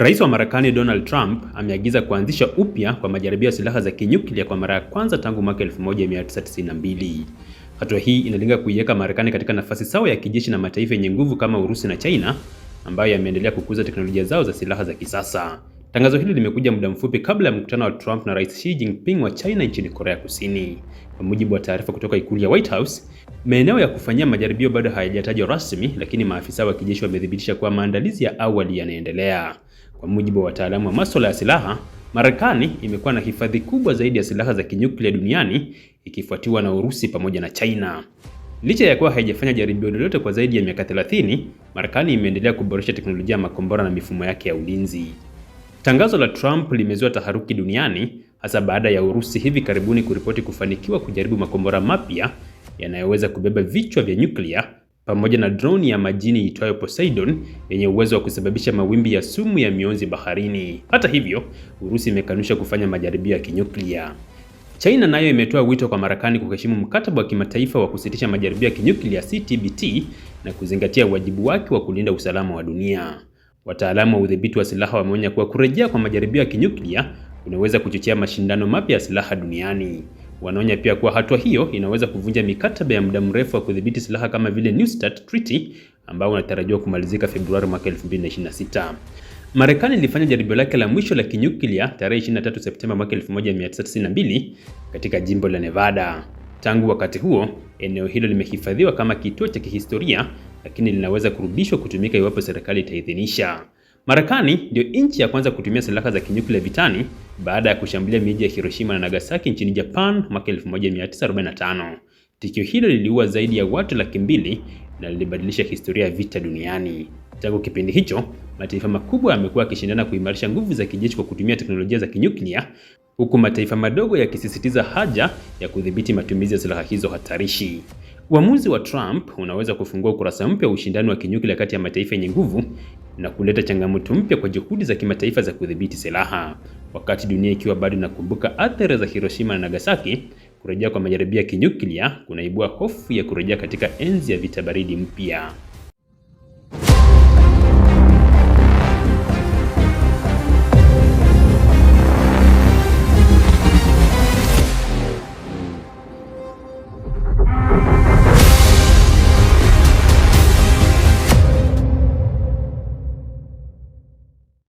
Rais wa Marekani Donald Trump ameagiza kuanzisha upya kwa majaribio ya silaha za kinyuklia kwa mara ya kwanza tangu mwaka 1992. Hatua hii inalenga kuiweka Marekani katika nafasi sawa ya kijeshi na mataifa yenye nguvu kama Urusi na China ambayo yameendelea kukuza teknolojia zao za silaha za kisasa. Tangazo hili limekuja muda mfupi kabla ya mkutano wa Trump na Rais Xi Jinping wa China nchini Korea Kusini. Kwa mujibu wa taarifa kutoka ikulu ya White House, maeneo ya kufanyia majaribio bado hayajatajwa rasmi, lakini maafisa wa kijeshi wamethibitisha kuwa maandalizi ya awali yanaendelea. Kwa mujibu wa wataalamu wa masuala ya silaha, Marekani imekuwa na hifadhi kubwa zaidi ya silaha za kinyuklia duniani ikifuatiwa na Urusi pamoja na China. Licha ya kuwa haijafanya jaribio lolote kwa zaidi ya miaka 30, Marekani imeendelea kuboresha teknolojia ya makombora na mifumo yake ya ulinzi. Tangazo la Trump limezua taharuki duniani hasa baada ya Urusi hivi karibuni kuripoti kufanikiwa kujaribu makombora mapya yanayoweza kubeba vichwa vya nyuklia pamoja na droni ya majini itwayo Poseidon yenye uwezo wa kusababisha mawimbi ya sumu ya mionzi baharini. Hata hivyo, Urusi imekanusha kufanya majaribio ya kinyuklia. China nayo imetoa wito kwa Marekani kuheshimu mkataba wa kimataifa wa kusitisha majaribio ya kinyuklia CTBT na kuzingatia wajibu wake wa kulinda usalama wa dunia. Wataalamu wa udhibiti wa silaha wameonya kuwa kurejea kwa majaribio ya kinyuklia unaweza kuchochea mashindano mapya ya silaha duniani. Wanaonya pia kuwa hatua hiyo inaweza kuvunja mikataba ya muda mrefu wa kudhibiti silaha kama vile New START Treaty ambao unatarajiwa kumalizika Februari mwaka 2026. Marekani ilifanya jaribio lake la mwisho la kinyuklia tarehe 23 Septemba mwaka 1992 katika jimbo la Nevada. Tangu wakati huo, eneo hilo limehifadhiwa kama kituo cha kihistoria, lakini linaweza kurudishwa kutumika iwapo serikali itaidhinisha. Marekani ndio nchi ya kwanza kutumia silaha za kinyuklia vitani baada ya kushambulia miji ya Hiroshima na Nagasaki nchini Japan mwaka 1945. Tukio hilo liliua zaidi ya watu laki mbili na lilibadilisha historia ya vita duniani. Tangu kipindi hicho, mataifa makubwa yamekuwa yakishindana kuimarisha nguvu za kijeshi kwa kutumia teknolojia za kinyuklia, huku mataifa madogo yakisisitiza haja ya kudhibiti matumizi ya silaha hizo hatarishi. Uamuzi wa Trump unaweza kufungua ukurasa mpya wa ushindani wa kinyuklia kati ya mataifa yenye nguvu na kuleta changamoto mpya kwa juhudi za kimataifa za kudhibiti silaha. Wakati dunia ikiwa bado inakumbuka athari za Hiroshima na Nagasaki, kurejea kwa majaribio ya kinyuklia kunaibua hofu ya kurejea katika enzi ya vita baridi mpya.